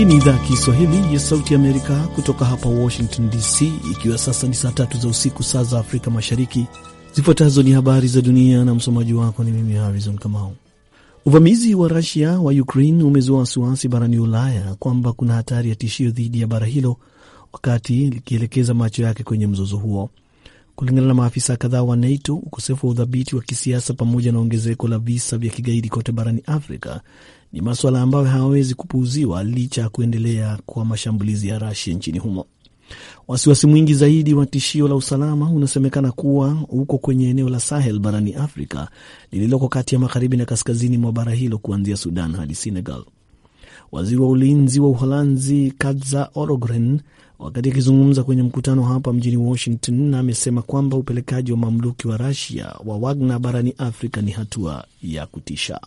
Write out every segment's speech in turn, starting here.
Hii ni idhaa ya Kiswahili ya Sauti Amerika kutoka hapa Washington DC, ikiwa sasa ni saa tatu za usiku, saa za Afrika Mashariki. Zifuatazo ni habari za dunia na msomaji wako ni mimi harizon Kamau. Uvamizi wa Rusia wa Ukraine umezua wasiwasi barani Ulaya kwamba kuna hatari ya tishio dhidi ya bara hilo, wakati likielekeza macho yake kwenye mzozo huo. Kulingana na maafisa kadhaa wa NATO, ukosefu wa udhabiti wa kisiasa pamoja na ongezeko la visa vya kigaidi kote barani Afrika ni maswala ambayo hayawezi kupuuziwa licha ya kuendelea kwa mashambulizi ya rasia nchini humo. Wasiwasi mwingi zaidi wa tishio la usalama unasemekana kuwa uko kwenye eneo la Sahel barani Afrika lililoko kati ya magharibi na kaskazini mwa bara hilo kuanzia Sudan hadi Senegal. Waziri wa ulinzi wa Uholanzi Katza orogren wakati akizungumza kwenye mkutano hapa mjini Washington amesema kwamba upelekaji wa mamluki wa Rusia wa Wagner barani Afrika ni hatua ya kutisha.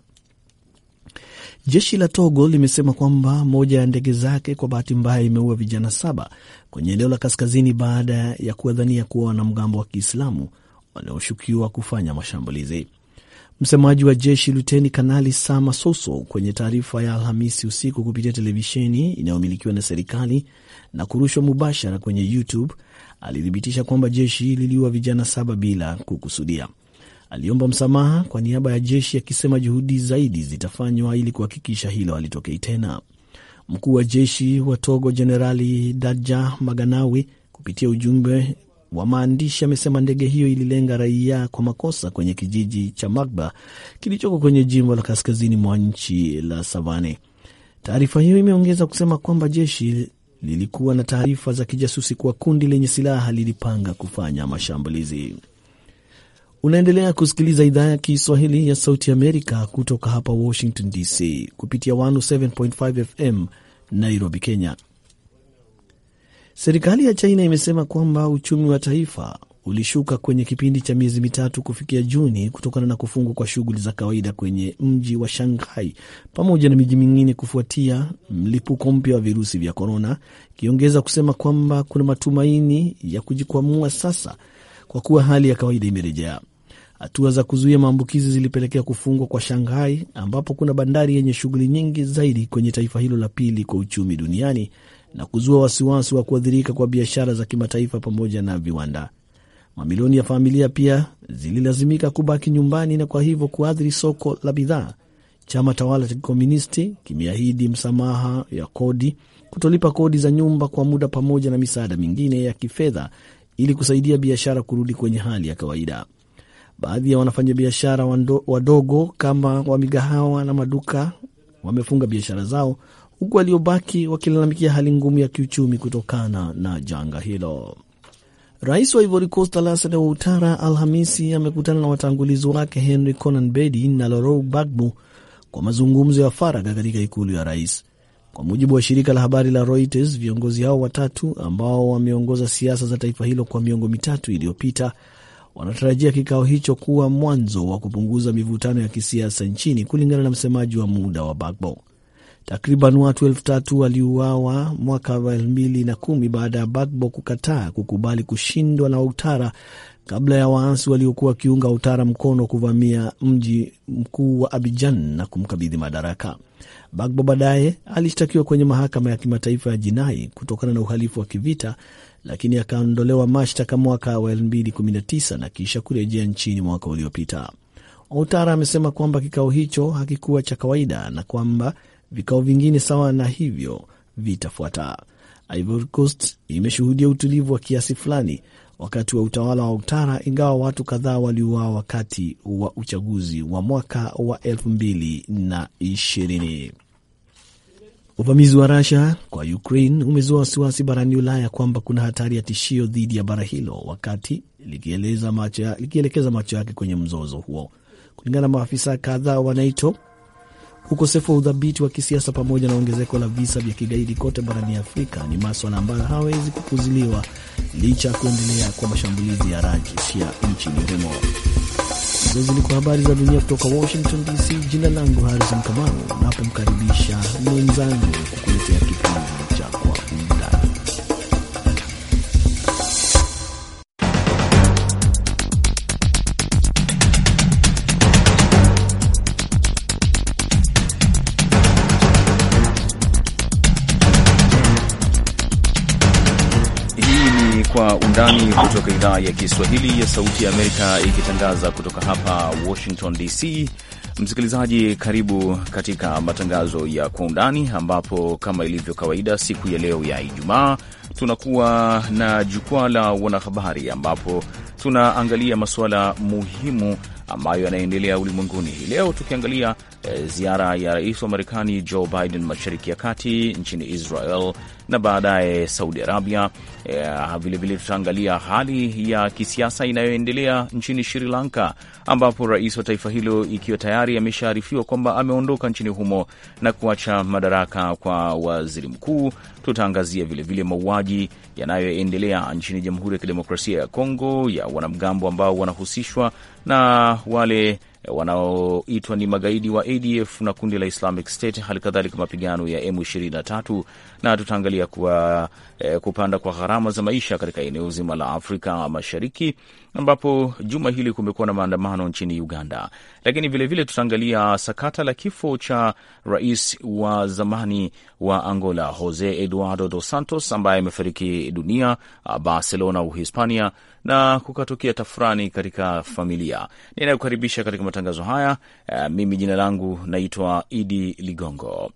Jeshi la Togo limesema kwamba moja ya ndege zake kwa bahati mbaya imeua vijana saba kwenye eneo la kaskazini baada ya kuwadhania kuwa wanamgambo wa Kiislamu wanaoshukiwa kufanya mashambulizi. Msemaji wa jeshi Luteni Kanali Sama Soso kwenye taarifa ya Alhamisi usiku kupitia televisheni inayomilikiwa na serikali na kurushwa mubashara kwenye YouTube alithibitisha kwamba jeshi liliua vijana saba bila kukusudia aliomba msamaha kwa niaba ya jeshi akisema juhudi zaidi zitafanywa ili kuhakikisha hilo halitokei tena. Mkuu wa jeshi wa Togo Jenerali daja Maganawi kupitia ujumbe wa maandishi amesema ndege hiyo ililenga raia kwa makosa kwenye kijiji cha Magba kilichoko kwenye jimbo la kaskazini mwa nchi la Savane. Taarifa hiyo imeongeza kusema kwamba jeshi lilikuwa na taarifa za kijasusi kuwa kundi lenye silaha lilipanga kufanya mashambulizi. Unaendelea kusikiliza idhaa ya Kiswahili ya Sauti Amerika kutoka hapa Washington DC kupitia 107.5 FM Nairobi, Kenya. Serikali ya China imesema kwamba uchumi wa taifa ulishuka kwenye kipindi cha miezi mitatu kufikia Juni kutokana na kufungwa kwa shughuli za kawaida kwenye mji wa Shanghai pamoja na miji mingine kufuatia mlipuko mpya wa virusi vya korona, ikiongeza kusema kwamba kuna matumaini ya kujikwamua sasa kwa kuwa hali ya kawaida imerejea. Hatua za kuzuia maambukizi zilipelekea kufungwa kwa Shanghai, ambapo kuna bandari yenye shughuli nyingi zaidi kwenye taifa hilo la pili kwa uchumi duniani na kuzua wasiwasi wa kuathirika kwa biashara za kimataifa pamoja na viwanda. Mamilioni ya familia pia zililazimika kubaki nyumbani na kwa hivyo kuathiri soko la bidhaa. Chama tawala cha Kikomunisti kimeahidi msamaha ya kodi, kutolipa kodi za nyumba kwa muda, pamoja na misaada mingine ya kifedha ili kusaidia biashara kurudi kwenye hali ya kawaida. Baadhi ya wafanyabiashara wadogo kama wa migahawa na maduka wamefunga biashara zao, huku waliobaki wakilalamikia hali ngumu ya kiuchumi kutokana na janga hilo. Rais wa Ivory Coast Alassane Ouattara Alhamisi amekutana na watangulizi wake Henry Conan Bedi na lorou bagbu kwa mazungumzo ya faragha katika ikulu ya rais. Kwa mujibu wa shirika la habari la Reuters, viongozi hao watatu ambao wameongoza siasa za taifa hilo kwa miongo mitatu iliyopita wanatarajia kikao hicho kuwa mwanzo wa kupunguza mivutano ya kisiasa nchini, kulingana na msemaji wa muda wa Bagbo. Takriban watu elfu tatu waliuawa mwaka wa elfu mbili na kumi baada ya Bagbo kukataa kukubali kushindwa na Utara kabla ya waasi waliokuwa wakiunga Utara mkono kuvamia mji mkuu wa Abijan na kumkabidhi madaraka. Bagbo baadaye alishtakiwa kwenye mahakama ya kimataifa ya jinai kutokana na uhalifu wa kivita lakini akaondolewa mashtaka mwaka wa 2019 na kisha kurejea nchini mwaka uliopita. Outara amesema kwamba kikao hicho hakikuwa cha kawaida na kwamba vikao vingine sawa na hivyo vitafuata. Ivory Coast imeshuhudia utulivu wa kiasi fulani wakati wa utawala wa Outara, ingawa watu kadhaa waliuawa wakati wa uchaguzi wa mwaka wa 2020. Uvamizi wa Russia kwa Ukraine umezua wasiwasi barani Ulaya kwamba kuna hatari ya tishio dhidi ya bara hilo, wakati likielekeza macho, likielekeza macho yake kwenye mzozo huo. Kulingana na maafisa kadhaa wa NATO, ukosefu wa udhabiti wa kisiasa pamoja na ongezeko la visa vya kigaidi kote barani Afrika ni maswala ambayo hawezi kupuziliwa licha ya kuendelea kwa mashambulizi ya rajis nchini humo. Hizo zilikuwa habari za dunia kutoka Washington DC. Jina langu Harrison Kamau, napomkaribisha mwenzangu kukuletea ni kutoka idhaa ya Kiswahili ya Sauti ya Amerika ikitangaza kutoka hapa Washington DC. Msikilizaji, karibu katika matangazo ya Kwa Undani, ambapo kama ilivyo kawaida siku ya leo ya Ijumaa tunakuwa na jukwaa la wanahabari, ambapo tunaangalia masuala muhimu ambayo yanaendelea ulimwenguni hii leo, tukiangalia Eh, ziara ya rais wa Marekani Joe Biden mashariki ya kati, nchini Israel na baadaye Saudi Arabia. Vilevile eh, tutaangalia hali ya kisiasa inayoendelea nchini Sri Lanka, ambapo rais wa taifa hilo ikiwa tayari ameshaarifiwa kwamba ameondoka nchini humo na kuacha madaraka kwa waziri mkuu. Tutaangazia vilevile mauaji yanayoendelea nchini Jamhuri ya Kidemokrasia ya Kongo ya wanamgambo ambao wanahusishwa na wale wanaoitwa ni magaidi wa ADF na kundi la Islamic State, hali kadhalika mapigano ya M23 na tutaangalia kuwa eh, kupanda kwa gharama za maisha katika eneo zima la Afrika Mashariki, ambapo juma hili kumekuwa na maandamano nchini Uganda, lakini vilevile tutaangalia sakata la kifo cha rais wa zamani wa Angola Jose Eduardo dos Santos ambaye amefariki dunia ah, Barcelona, Uhispania, na kukatokea tafurani katika familia. Ninayokaribisha katika matangazo haya, ah, mimi jina langu naitwa Idi Ligongo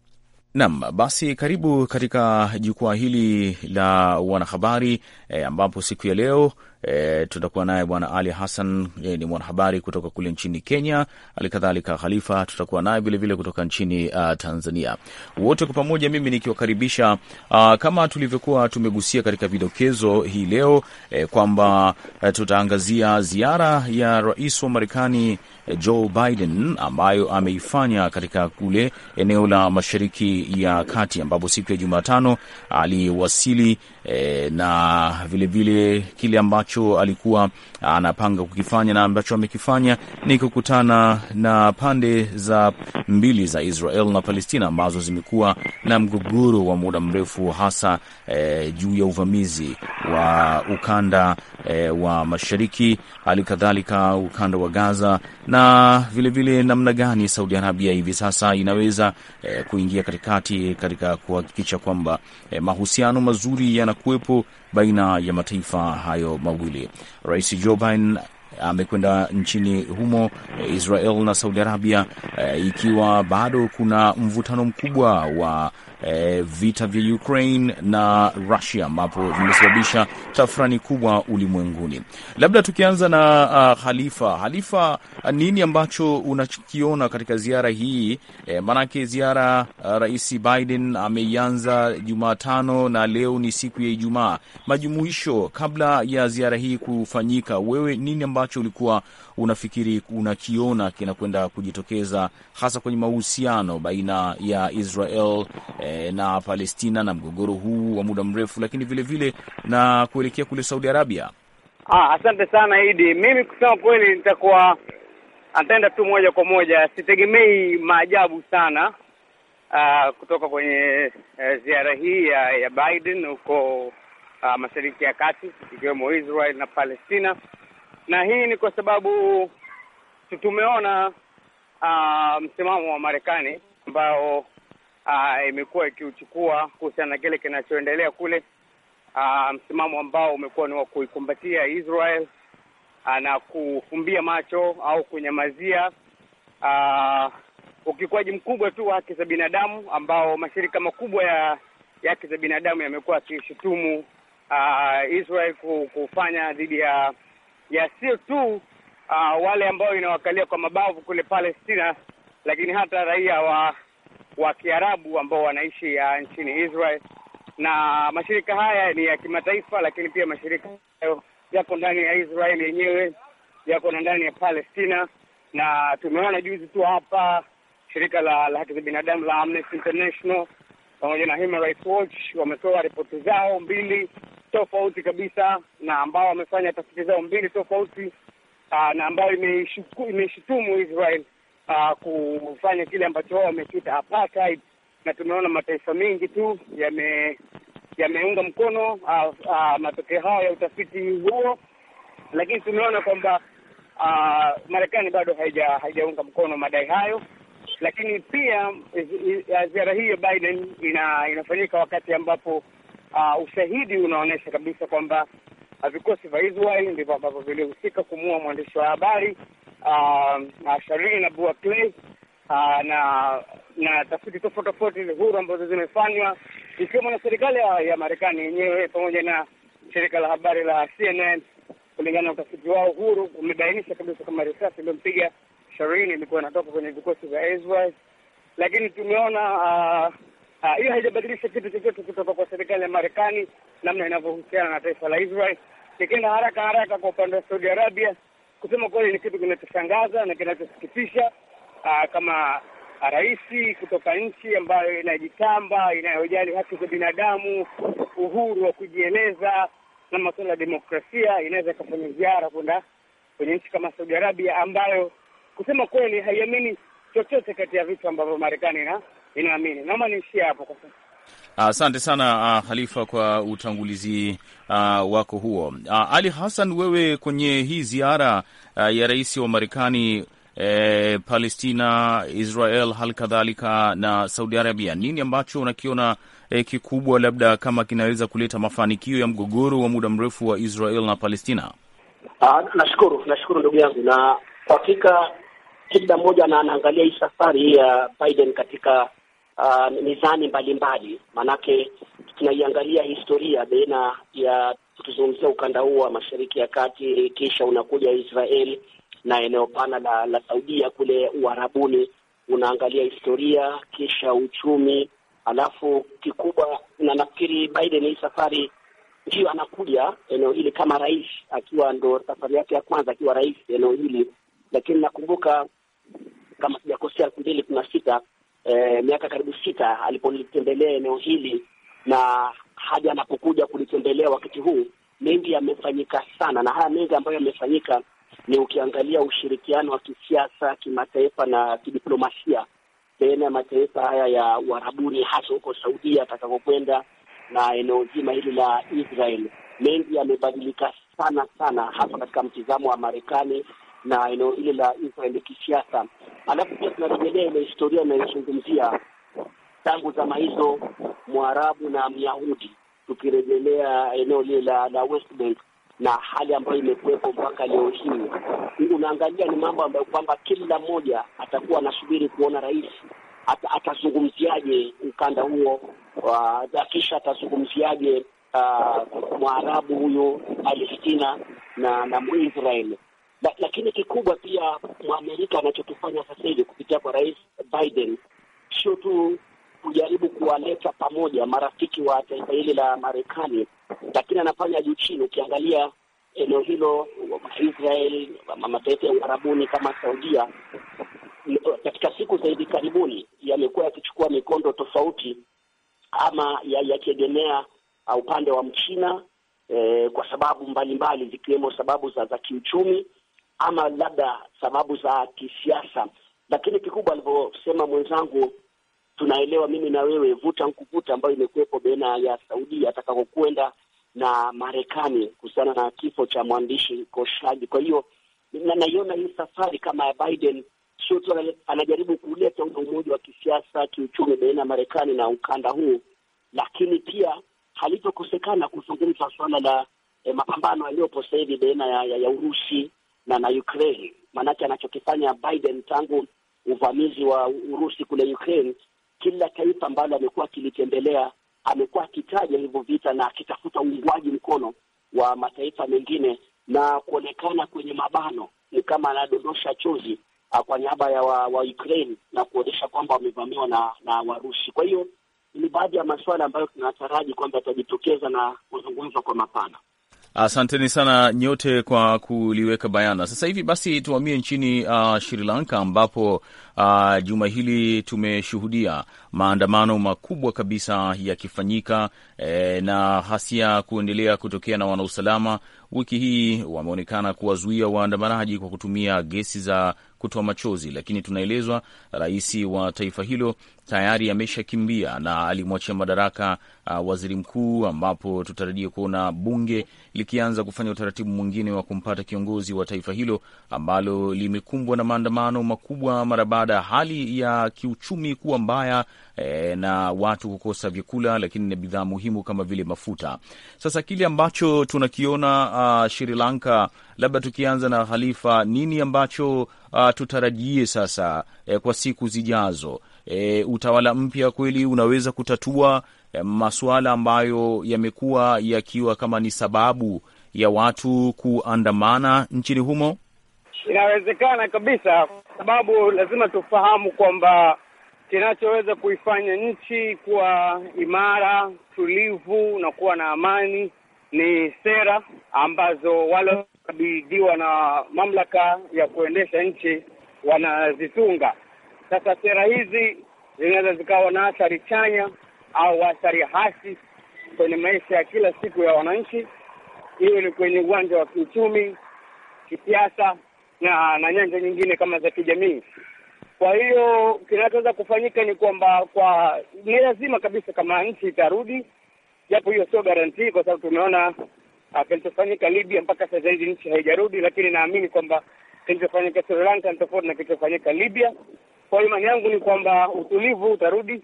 nam basi karibu katika jukwaa hili la wanahabari e, ambapo siku ya leo E, tutakuwa naye Bwana Ali Hassan, yeye ni mwanahabari kutoka kule nchini Kenya, halikadhalika Khalifa tutakuwa naye vilevile kutoka nchini uh, Tanzania. Wote kwa pamoja, mimi nikiwakaribisha uh, kama tulivyokuwa tumegusia katika vidokezo hii leo eh, kwamba eh, tutaangazia ziara ya rais wa Marekani eh, Joe Biden ambayo ameifanya katika kule eneo la Mashariki ya Kati, ambapo siku ya Jumatano aliwasili e, na vilevile vile kile ambacho alikuwa anapanga kukifanya na ambacho amekifanya ni kukutana na pande za mbili za Israel na Palestina ambazo zimekuwa na mgogoro wa muda mrefu hasa e, juu ya uvamizi wa ukanda e, wa mashariki, hali kadhalika ukanda wa Gaza na vilevile namna gani Saudi Arabia hivi sasa inaweza e, kuingia katikati katika kuhakikisha kwamba e, mahusiano mazuri yanakuwepo baina ya mataifa hayo mawili. Rais Joe Biden amekwenda nchini humo eh, Israel na Saudi Arabia, e, ikiwa bado kuna mvutano mkubwa wa e, vita vya Ukraine na Russia ambapo vimesababisha tafurani kubwa ulimwenguni. Labda tukianza na uh, Halifa. Halifa, nini ambacho unakiona katika ziara hii e, maanake ziara uh, Rais Biden ameianza Jumatano na leo ni siku ya Ijumaa. Majumuisho kabla ya ziara hii kufanyika, wewe nini ambacho ulikuwa unafikiri unakiona kinakwenda kujitokeza hasa kwenye mahusiano baina ya Israel e, na Palestina na mgogoro huu wa muda mrefu, lakini vilevile vile na kuelekea kule Saudi Arabia? Ah, asante sana Idi. Mimi kusema kweli, nitakuwa ataenda tu moja kwa moja, sitegemei maajabu sana Uh, kutoka kwenye uh, ziara hii ya, ya Biden huko uh, Mashariki ya Kati ikiwemo Israel na Palestina, na hii ni kwa sababu tumeona uh, ah, msimamo wa Marekani ambao Ah, imekuwa ikiuchukua kuhusiana na kile kinachoendelea kule, ah, msimamo ambao umekuwa ni wa kuikumbatia Israel ah, na kufumbia macho au kunyamazia ukiukwaji mkubwa tu wa haki za binadamu ambao mashirika makubwa ya haki za binadamu yamekuwa yakishutumu Israel kufanya dhidi ya ya sio tu wale ambao inawakalia kwa mabavu kule Palestina, lakini hata raia wa wa Kiarabu ambao wanaishi ya nchini Israel, na mashirika haya ni ya kimataifa, lakini pia mashirika hayo yako ndani ya Israel yenyewe, yako na ndani ya Palestina, na tumeona juzi tu hapa shirika la, la haki za binadamu la Amnesty International pamoja na Human Rights Watch wametoa ripoti zao mbili tofauti kabisa, na ambao wamefanya tafiti zao mbili tofauti, ah, na ambao imeishutumu Israel uh, kufanya kile ambacho wao wamekita apartheid, na tumeona mataifa mengi tu yame yameunga mkono uh, uh, matokeo hayo ya utafiti huo, lakini tumeona kwamba uh, Marekani bado haija- haijaunga mkono madai hayo. Lakini pia uh, ziara hii ya Biden ina, inafanyika wakati ambapo uh, ushahidi unaonyesha kabisa kwamba vikosi vya Israel ndivyo ambavyo vilihusika kumuua mwandishi wa habari Ah, Sharini na Bua Clay ah, na na tafiti tofauti tofauti huru ambazo zimefanywa ikiwemo na serikali ya, ya Marekani yenyewe pamoja na shirika la habari la CNN. Kulingana na utafiti wao huru, umebainisha kabisa kama risasi iliyompiga Sharini ilikuwa inatoka kwenye vikosi vya Israel, lakini tumeona ah, hiyo uh, uh, haijabadilisha kitu chochote kutoka kwa serikali ya Marekani namna inavyohusiana na taifa la Israel. Nikienda haraka haraka kwa upande wa Saudi Arabia kusema kweli ni kitu kinachoshangaza na kinachosikitisha ah, kama ah, rais kutoka nchi ambayo inajitamba inayojali haki za binadamu, uhuru wa kujieleza na masuala ya demokrasia, inaweza ikafanya ziara kwenda kwenye nchi kama Saudi Arabia ambayo kusema kweli haiamini chochote kati ya vitu ambavyo Marekani inaamini. Naomba niishie hapo kwa sasa. Asante uh, sana uh, Khalifa kwa utangulizi uh, wako huo. Uh, Ali Hassan, wewe kwenye hii ziara uh, ya rais wa Marekani eh, Palestina, Israel, hali kadhalika na Saudi Arabia, nini ambacho unakiona eh, kikubwa labda kama kinaweza kuleta mafanikio ya mgogoro wa muda mrefu wa Israel na Palestina? Uh, nashukuru nashukuru ndugu yangu, na kwa hakika kila mmoja anaangalia hii safari ya Biden katika uh, mizani mbalimbali, maanake tunaiangalia historia baina ya tukizungumzia ukanda huu wa Mashariki ya Kati, kisha unakuja Israel na eneo pana la, la Saudia kule Uarabuni, unaangalia historia kisha uchumi, alafu kikubwa, na nafikiri Biden hii safari ndiyo anakuja eneo hili kama rais, akiwa ndo safari yake ya kwanza akiwa rais eneo hili, lakini nakumbuka kama sijakosea elfu mbili kumi na sita eh, miaka karibu sita aliponitembelea eneo hili na hadi anapokuja kulitembelea wakati huu mengi yamefanyika sana, na haya mengi ambayo yamefanyika ni ukiangalia ushirikiano wa kisiasa, kimataifa na kidiplomasia baina ya mataifa haya ya Uarabuni, hasa huko Saudia atakapokwenda na eneo zima hili la Israel, mengi yamebadilika sana sana, hasa katika mtizamo wa Marekani na eneo hili la Israel kisiasa. Alafu pia tunarejelea ile historia inayozungumzia tangu zama hizo Mwarabu na Myahudi, tukirejelea eneo lile la, la West Bank na hali ambayo imekuwepo mpaka leo hii. Unaangalia ni mambo ambayo kwamba kila mmoja atakuwa anasubiri kuona rais atazungumziaje ukanda huo, uh, kisha atazungumziaje uh, Mwarabu huyo Palestina na na Mwisraeli la, lakini kikubwa pia Mwamerika anachokifanya sasa hivi kupitia kwa Rais Biden sio tu kujaribu kuwaleta pamoja marafiki wa taifa hili la Marekani, lakini anafanya juu chini. Ukiangalia eneo hilo, Israel, mataifa ya uharabuni kama Saudia, katika siku za hivi karibuni yamekuwa yakichukua mikondo tofauti ama yakiegemea ya upande wa Mchina eh, kwa sababu mbalimbali zikiwemo sababu za, za kiuchumi ama labda sababu za kisiasa, lakini kikubwa alivyosema mwenzangu, tunaelewa mimi na wewe, vuta nkuvuta ambayo imekuwepo baina ya Saudia atakakokwenda na Marekani kuhusiana na kifo cha mwandishi koshaji Kwa hiyo naiona hii safari kama ya Biden sio tu anajaribu kuleta ule umoja wa kisiasa, kiuchumi baina ya Marekani na ukanda huu, lakini pia halitokosekana kuzungumza suala la eh, mapambano yaliyopo sasa hivi baina ya, ya, ya Urusi na na Ukraine. Maanake anachokifanya Biden tangu uvamizi wa Urusi kule Ukraine, kila taifa ambalo amekuwa akilitembelea amekuwa akitaja hivyo vita na akitafuta uungwaji mkono wa mataifa mengine na kuonekana kwenye mabano ni kama anadondosha chozi ah, kwa niaba ya wa, wa Ukraine na kuonyesha kwamba wamevamiwa na, na Warusi. Kwa hiyo ni baadhi ya masuala ambayo tunataraji kwamba yatajitokeza na kuzungumzwa kwa mapana. Asanteni sana nyote kwa kuliweka bayana. Sasa hivi basi tuhamie nchini uh, Sri Lanka ambapo uh, juma hili tumeshuhudia maandamano makubwa kabisa yakifanyika eh, na hasia kuendelea kutokea na wanausalama wiki hii wameonekana kuwazuia waandamanaji kwa kutumia gesi za kutoa machozi, lakini tunaelezwa rais wa taifa hilo tayari ameshakimbia na alimwachia madaraka uh, waziri mkuu, ambapo tutarajia kuona bunge likianza kufanya utaratibu mwingine wa kumpata kiongozi wa taifa hilo ambalo limekumbwa na maandamano makubwa mara baada ya hali ya kiuchumi kuwa mbaya eh, na watu kukosa vyakula, lakini na bidhaa muhimu kama vile mafuta. Sasa kile ambacho tunakiona uh, Sri Lanka, labda tukianza na Khalifa, nini ambacho uh, tutarajie sasa eh, kwa siku zijazo? Eh, utawala mpya kweli unaweza kutatua eh, masuala ambayo yamekuwa yakiwa kama ni sababu ya watu kuandamana nchini humo? Inawezekana kabisa, kwa sababu lazima tufahamu kwamba kinachoweza kuifanya nchi kuwa imara, tulivu na kuwa na amani ni sera ambazo wale wanaokabidhiwa na mamlaka ya kuendesha nchi wanazitunga. Sasa sera hizi zinaweza zikawa na athari chanya au athari hasi kwenye maisha ya kila siku ya wananchi, hiyo ni kwenye uwanja wa kiuchumi, kisiasa na na nyanja nyingine kama za kijamii. Kwa hiyo kinachoweza kufanyika ni kwamba kwa ni lazima kabisa, kama nchi itarudi japo hiyo sio garantii, kwa sababu tumeona uh, kilichofanyika Libya mpaka sasa hivi nchi haijarudi, lakini naamini kwamba kilichofanyika Sri Lanka ni tofauti na kilichofanyika Libya. Kwa imani yangu ni kwamba utulivu utarudi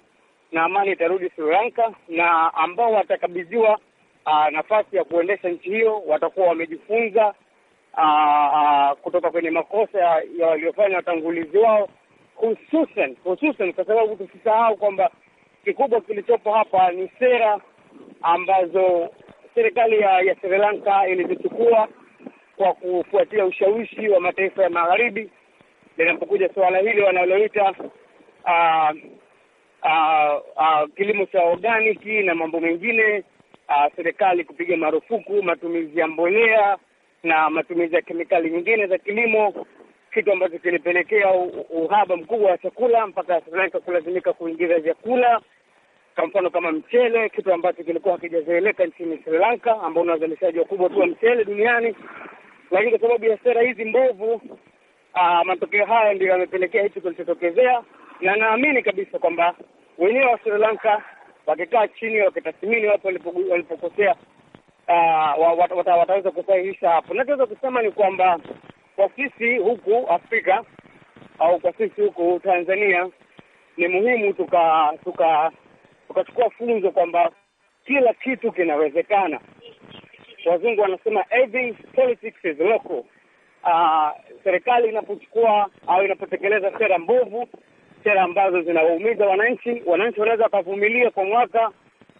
na amani itarudi Sri Lanka, na ambao watakabidhiwa uh, nafasi ya kuendesha nchi hiyo watakuwa wamejifunza uh, uh kutoka kwenye makosa ya waliofanya watangulizi wao, hususan hususan, kwa sababu tusisahau kwamba kikubwa kilichopo hapa ni sera ambazo serikali ya, ya Sri Lanka ilizichukua kwa kufuatia ushawishi wa mataifa ya magharibi linapokuja suala hili wanaloita uh, uh, uh, kilimo cha organiki na mambo mengine uh, serikali kupiga marufuku matumizi ya mbolea na matumizi ya kemikali nyingine za kilimo, kitu ambacho kilipelekea uhaba mkubwa wa chakula mpaka Sri Lanka kulazimika kuingiza vyakula kwa mfano kama mchele, kitu ambacho kilikuwa hakijazoeleka nchini Sri Lanka, ambao ni wazalishaji wakubwa tu wa mchele duniani, lakini kwa sababu ya sera hizi mbovu, ah, matokeo haya ndio yamepelekea hicho kilichotokezea, na naamini kabisa kwamba wenyewe wa Sri Lanka wakikaa chini, wakitathmini wapo walipokosea, ah, wataweza kusahihisha hapo. Nachoweza kusema ni kwamba kwa sisi huku Afrika au kwa sisi huku Tanzania ni muhimu tuka- tuka ukachukua funzo kwamba kila kitu kinawezekana. Wazungu wanasema every politics is local. Uh, serikali inapochukua au inapotekeleza sera mbovu, sera ambazo zinawaumiza wananchi, wananchi wanaweza wakavumilia kwa mwaka,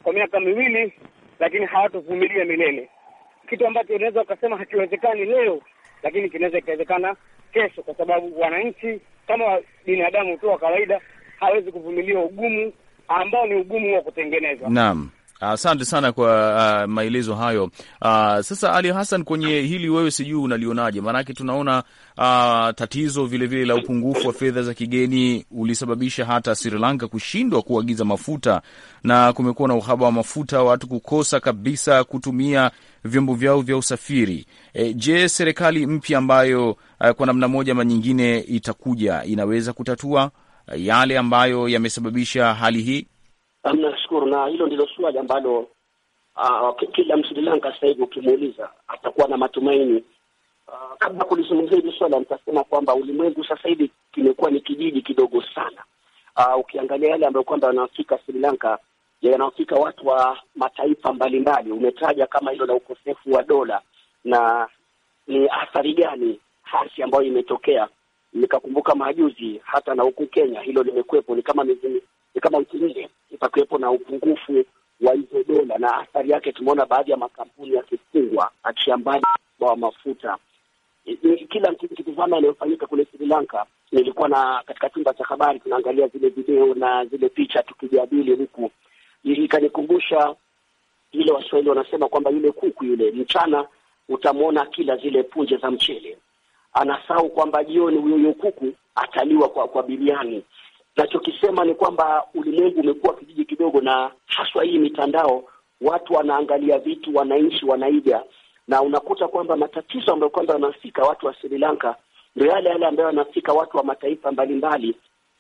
kwa miaka miwili, lakini hawatovumilia milele. Kitu ambacho unaweza ukasema hakiwezekani leo, lakini kinaweza ikawezekana kesho, kwa sababu wananchi kama binadamu tu wa kawaida hawezi kuvumilia ugumu ambao ni ugumu wa kutengenezwa. Naam. Asante uh, sana kwa uh, maelezo hayo. Uh, sasa Ali Hassan, kwenye hili wewe sijui unalionaje? Maanake tunaona uh, tatizo vilevile la upungufu wa fedha za kigeni ulisababisha hata Sri Lanka kushindwa kuagiza mafuta, na kumekuwa na uhaba wa mafuta, watu kukosa kabisa kutumia vyombo vyao vya usafiri. E, je, serikali mpya ambayo uh, kwa namna moja ama nyingine itakuja inaweza kutatua yale ambayo yamesababisha hali hii? Nashukuru, na hilo ndilo swali ambalo uh, kila Msri Lanka sasa hivi ukimuuliza atakuwa na matumaini uh, kabla kulizungumzia hili swala nitasema kwamba ulimwengu sasa hivi kimekuwa ni kijiji kidogo sana. Uh, ukiangalia yale ambayo kwamba yanawafika Sri Lanka yanawafika watu wa mataifa mbalimbali, umetaja kama hilo la ukosefu wa dola na ni athari gani hasi ambayo imetokea nikakumbuka majuzi hata na huku Kenya hilo limekuwepo, ni kama miezi ni kama wiki nne itakuwepo na upungufu wa hizo dola, na athari yake tumeona baadhi ya makampuni yakifungwa, achia mbali wa mafuta kila kitizama yanayofanyika kule Sri Lanka, nilikuwa na katika chumba cha habari tunaangalia zile video na zile picha tukijadili huku, ikanikumbusha ile Waswahili wanasema kwamba yule kuku yule mchana utamwona kila zile punje za mchele, anasahau kwamba jioni huyo kuku ataliwa kwa, kwa biriani. Nachokisema ni kwamba ulimwengu umekuwa kijiji kidogo, na haswa hii mitandao, watu wanaangalia vitu, wananchi wanaiga, na unakuta kwamba matatizo ambayo kwamba wanafika watu wa Sri Lanka ndio yale yale ambayo yanafika watu wa mataifa mbalimbali.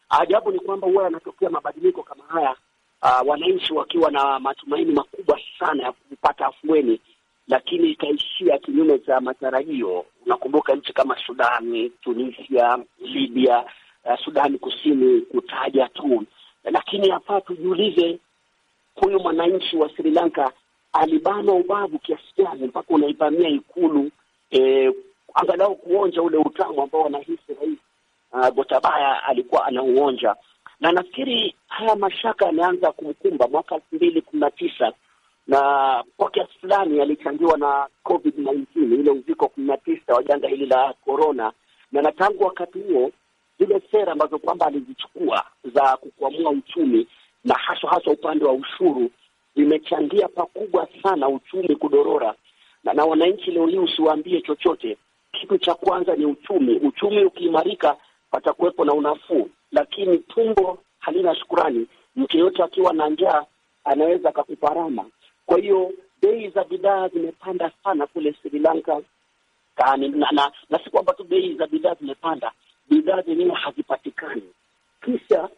Ajabu ni kwamba huwa yanatokea mabadiliko kama haya, uh, wananchi wakiwa na matumaini makubwa sana ya kupata afueni lakini ikaishia kinyume cha matarajio. Unakumbuka nchi kama Sudani, Tunisia, Libya, uh, Sudani Kusini, kutaja tu, lakini hapa tujiulize, huyu mwananchi wa Sri Lanka alibana ubavu kiasi gani mpaka unaivamia ikulu eh, angalau kuonja ule utamu ambao wanahisi rais uh, Gotabaya alikuwa anauonja, na nafikiri haya mashaka yameanza kumkumba. Mwaka elfu mbili kumi na tisa na kwa kiasi fulani alichangiwa na covid 19 ile uviko kumi na tisa wa janga hili la korona, na na tangu wakati huo zile sera ambazo kwamba alizichukua za kukwamua uchumi na haswa haswa upande wa ushuru zimechangia pakubwa sana uchumi kudorora, na, na wananchi leo hii usiwaambie chochote. Kitu cha kwanza ni uchumi. Uchumi ukiimarika patakuwepo na unafuu, lakini tumbo halina shukurani. Mtu yeyote akiwa na njaa anaweza akakuparama. Kwa hiyo bei za bidhaa zimepanda sana kule Sri Lanka Kani, na, na, na si kwamba tu bei za bidhaa zimepanda, bidhaa zenyewe hazipatikani. Kisha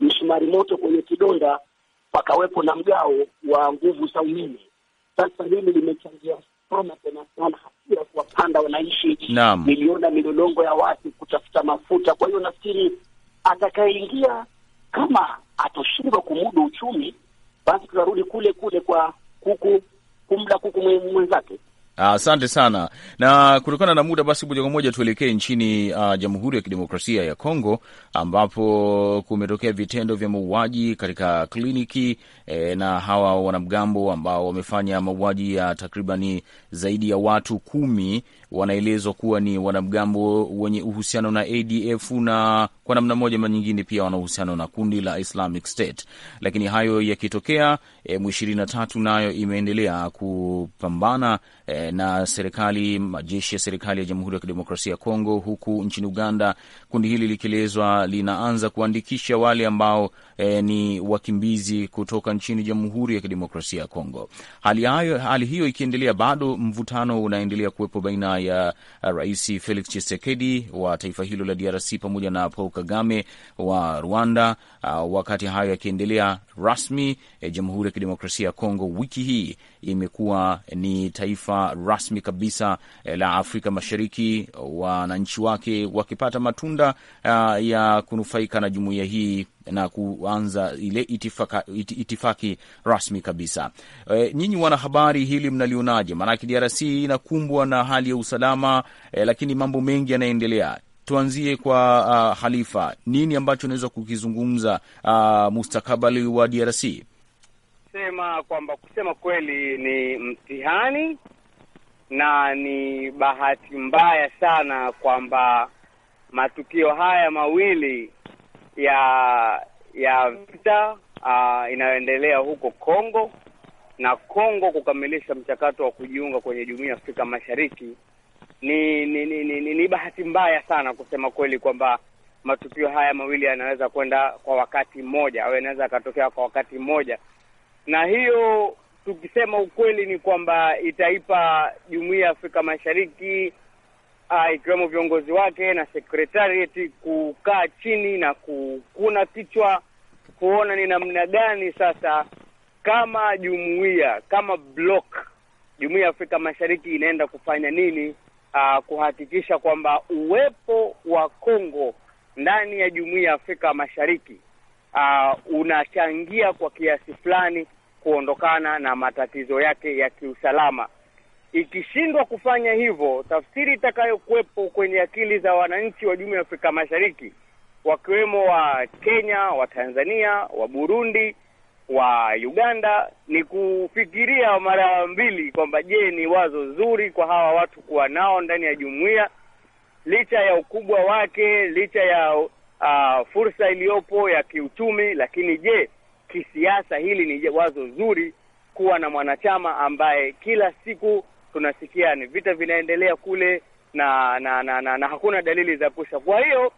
mshumari moto kwenye kidonda, pakawepo na mgao wa nguvu za umeme. Sasa hili limechangia sana tena sana hasira kuwapanda wananchi, niliona milolongo ya watu kutafuta mafuta. Kwa hiyo nafikiri atakayeingia kama atoshindwa kumudu uchumi basi tunarudi kule kule kwa kuku kumla kuku mwenzake. Asante sana. Na kutokana na muda, basi moja kwa moja tuelekee nchini uh, Jamhuri ya Kidemokrasia ya Kongo ambapo kumetokea vitendo vya mauaji katika kliniki eh, na hawa wanamgambo ambao wamefanya mauaji ya takribani zaidi ya watu kumi wanaelezwa kuwa ni wanamgambo wenye uhusiano na ADF na kwa namna moja ma nyingine pia wana uhusiano na kundi la Islamic State. Lakini hayo yakitokea, eh, M23 nayo imeendelea kupambana eh, na serikali, majeshi ya serikali ya Jamhuri ya Kidemokrasia ya Kongo, huku nchini Uganda kundi hili likielezwa linaanza kuandikisha wale ambao eh, ni wakimbizi kutoka nchini Jamhuri ya Kidemokrasia ya Kongo. Hali hayo, hali hiyo ikiendelea, bado mvutano unaendelea kuwepo baina ya uh, Rais Felix Tshisekedi wa taifa hilo la DRC pamoja na Paul Kagame wa Rwanda. Uh, wakati hayo yakiendelea rasmi, eh, Jamhuri ya Kidemokrasia ya Kongo wiki hii imekuwa ni taifa rasmi kabisa eh, la Afrika Mashariki, wananchi wake wakipata matunda uh, ya kunufaika na jumuiya hii na kuanza ile itifaka, it, itifaki rasmi kabisa. E, nyinyi wanahabari hili mnalionaje? Maanake DRC inakumbwa na hali ya usalama e, lakini mambo mengi yanaendelea. Tuanzie kwa uh, Halifa, nini ambacho unaweza kukizungumza uh, mustakabali wa DRC? Sema kwamba kusema kweli ni mtihani na ni bahati mbaya sana kwamba matukio haya mawili ya ya vita uh, inayoendelea huko Kongo na Kongo kukamilisha mchakato wa kujiunga kwenye jumuiya ya Afrika Mashariki ni ni, ni, ni ni bahati mbaya sana kusema kweli kwamba matukio haya mawili yanaweza kwenda kwa wakati mmoja au yanaweza yakatokea kwa wakati mmoja, na hiyo tukisema ukweli ni kwamba itaipa jumuiya ya Afrika Mashariki Ah, ikiwemo viongozi wake na sekretarieti kukaa chini na kukuna kichwa kuona ni namna gani sasa kama jumuiya kama block jumuiya ya Afrika Mashariki inaenda kufanya nini uh, kuhakikisha kwamba uwepo wa Kongo ndani ya jumuiya ya Afrika Mashariki uh, unachangia kwa kiasi fulani kuondokana na matatizo yake ya kiusalama Ikishindwa kufanya hivyo, tafsiri itakayokuwepo kwenye akili za wananchi wa Jumuiya ya Afrika Mashariki wakiwemo wa Kenya, wa Tanzania, wa Burundi, wa Uganda ni kufikiria mara mbili kwamba je, ni wazo zuri kwa hawa watu kuwa nao ndani ya jumuiya licha ya ukubwa wake, licha ya uh, fursa iliyopo ya kiuchumi, lakini je, kisiasa hili ni wazo zuri kuwa na mwanachama ambaye kila siku tunasikia ni vita vinaendelea kule na na, na, na, na hakuna dalili za pusha. Kwa hiyo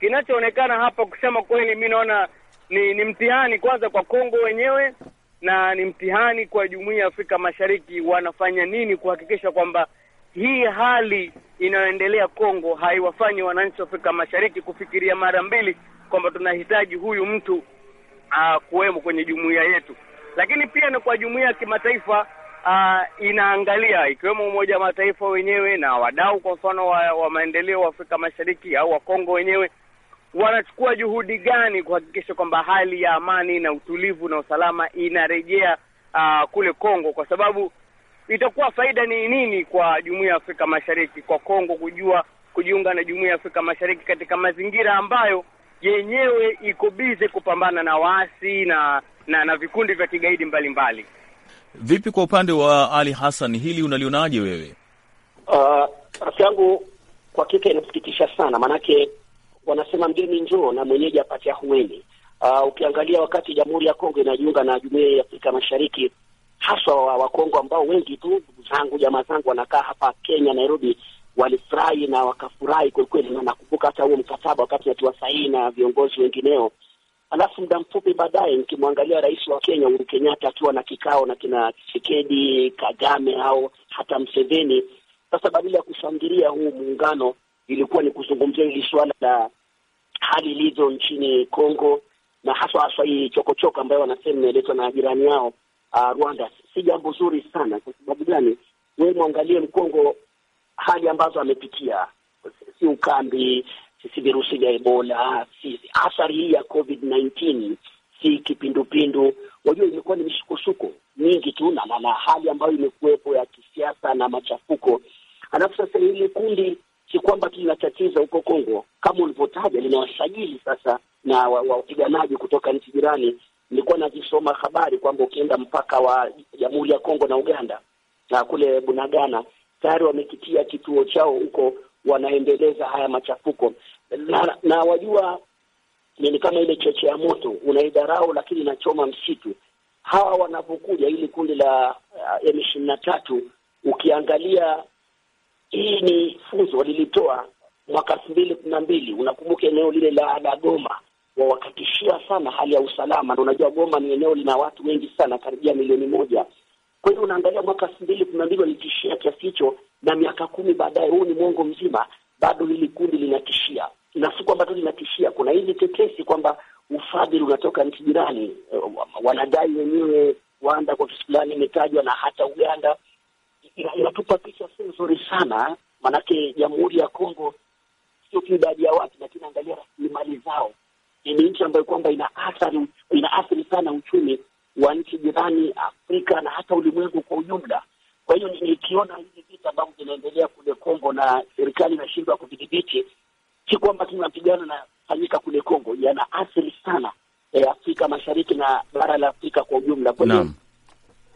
kinachoonekana hapa, kusema kweli, mi naona ni, ni mtihani kwanza kwa Kongo wenyewe na ni mtihani kwa jumuiya ya Afrika Mashariki, wanafanya nini kuhakikisha kwamba hii hali inayoendelea Kongo haiwafanyi wananchi wa Afrika Mashariki kufikiria mara mbili kwamba tunahitaji huyu mtu uh, kuwemo kwenye jumuiya yetu. Lakini pia na kwa jumuiya ya kimataifa uh, inaangalia ikiwemo Umoja wa Mataifa wenyewe na wadau, kwa mfano wa, wa maendeleo wa Afrika Mashariki au wa Kongo wenyewe wanachukua juhudi gani kuhakikisha kwamba hali ya amani na utulivu na usalama inarejea uh, kule Kongo, kwa sababu itakuwa faida ni nini kwa Jumuiya ya Afrika Mashariki, kwa Kongo kujua kujiunga na Jumuiya ya Afrika Mashariki katika mazingira ambayo yenyewe iko bize kupambana na waasi na na, na vikundi vya kigaidi mbalimbali mbali. Vipi kwa upande wa Ali Hassan, hili unalionaje wewe? Uh, yangu, kwa hakika inasikitisha sana, maanake wanasema mgeni njoo na mwenyeji apate ahueni. Uh, ukiangalia wakati Jamhuri ya Kongo inajiunga na Jumuiya ya Afrika Mashariki, haswa wa Wakongo ambao wengi tu ndugu zangu jamaa zangu wanakaa hapa Kenya Nairobi, walifurahi na wakafurahi kwelikweli, na nakumbuka hata huo mkataba wakati natiwa sahihi na viongozi wengineo Alafu muda mfupi baadaye ukimwangalia rais wa Kenya Uhuru Kenyatta akiwa na kikao na kina Tshisekedi, Kagame au hata Mseveni, sasa badala ya kushangilia huu muungano ilikuwa ni kuzungumzia hili suala la hali ilivyo nchini Kongo na haswa haswa hii chokochoko ambayo wanasema imeletwa na jirani yao uh, Rwanda. Si jambo zuri sana. Kwa sababu gani? Wewe mwangalie Mkongo hali ambazo amepitia, si ukambi sisi virusi vya Ebola, sisi athari hii ya Covid 19, si kipindupindu. Wajua, imekuwa ni mshukosuko mingi tu na, na, na hali ambayo imekuwepo ya kisiasa na machafuko. Alafu sasa hili kundi si kwamba tu linatatiza huko Kongo kama ulivyotaja, linawasajili sasa na wapiganaji wa kutoka nchi jirani. Nilikuwa nazisoma habari kwamba ukienda mpaka wa Jamhuri ya Kongo na Uganda na kule Bunagana tayari wamekitia kituo chao huko, wanaendeleza haya machafuko na, na wajua ni kama ile cheche ya moto unaidharau, lakini inachoma msitu. Hawa wanapokuja hili kundi la eh, M ishirini na tatu, ukiangalia hii ni funzo walilitoa mwaka elfu mbili kumi na mbili. Unakumbuka eneo lile la, la Goma wawakatishia sana hali ya usalama, na unajua Goma ni eneo lina watu wengi sana, karibia milioni moja. Kwa hiyo unaangalia mwaka elfu mbili kumi na mbili walitishia kiasi hicho, na miaka kumi baadaye, huu ni mwongo mzima, bado hili kundi linatishia na si kwamba tu zinatishia. Kuna hizi tetesi kwamba ufadhili unatoka nchi jirani, wanadai wenyewe Rwanda kwa kitu fulani imetajwa na hata Uganda. Inatupa picha si nzuri sana, maanake jamhuri ya Kongo sio tu idadi ya watu, lakini angalia rasilimali zao. Ni nchi ambayo kwamba ina inaathiri sana uchumi wa nchi jirani, Afrika na hata ulimwengu kwa ujumla. Kwa hiyo nikiona hizi vita ambavyo vinaendelea kule Kongo na serikali inashindwa kudhibiti si kwamba tunapigana mapigano fanyika kule Kongo, yana athiri sana eh, Afrika Mashariki na bara la Afrika kwa ujumla. Kwa hiyo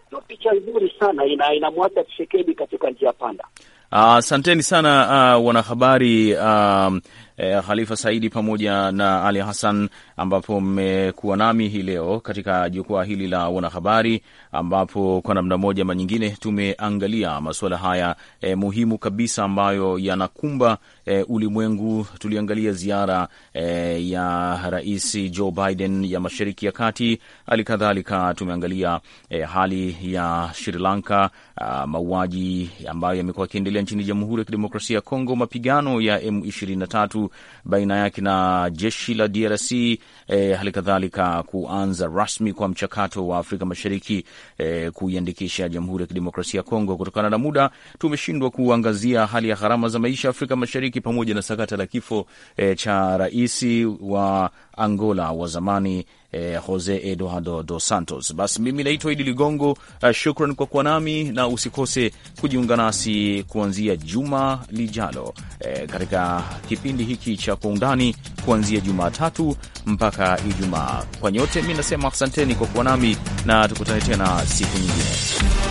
ndio picha nzuri sana ina inamwacha Tshisekedi katika njia panda. Ah, asanteni uh, sana uh, wanahabari uh, eh, Khalifa Saidi pamoja na Ali Hassan, ambapo mmekuwa nami hii leo katika jukwaa hili la wanahabari, ambapo kwa namna moja ama nyingine tumeangalia masuala haya eh, muhimu kabisa ambayo yanakumba eh, ulimwengu. Tuliangalia ziara eh, ya Rais Joe Biden ya Mashariki ya Kati, hali kadhalika tumeangalia eh, hali ya Sri Lanka, ah, mauaji ambayo yamekuwa yakiendelea nchini Jamhuri ya Kidemokrasia ya Kongo, mapigano ya M23 baina yake na jeshi la DRC, e, eh, hali kadhalika kuanza rasmi kwa mchakato wa Afrika Mashariki e, kuiandikisha Jamhuri ya Kidemokrasia ya Kongo. Kutokana na muda, tumeshindwa kuangazia hali ya gharama za maisha Afrika Mashariki pamoja na sakata la kifo e, cha rais wa Angola wa zamani eh, Jose Eduardo dos Santos. Basi mimi naitwa Idi Ligongo. Uh, shukran kwa kuwa nami na usikose kujiunga nasi kuanzia juma lijalo eh, katika kipindi hiki cha Kwa Undani kuanzia Jumatatu mpaka Ijumaa. Kwa nyote mi nasema asanteni kwa kuwa nami na tukutane tena siku nyingine.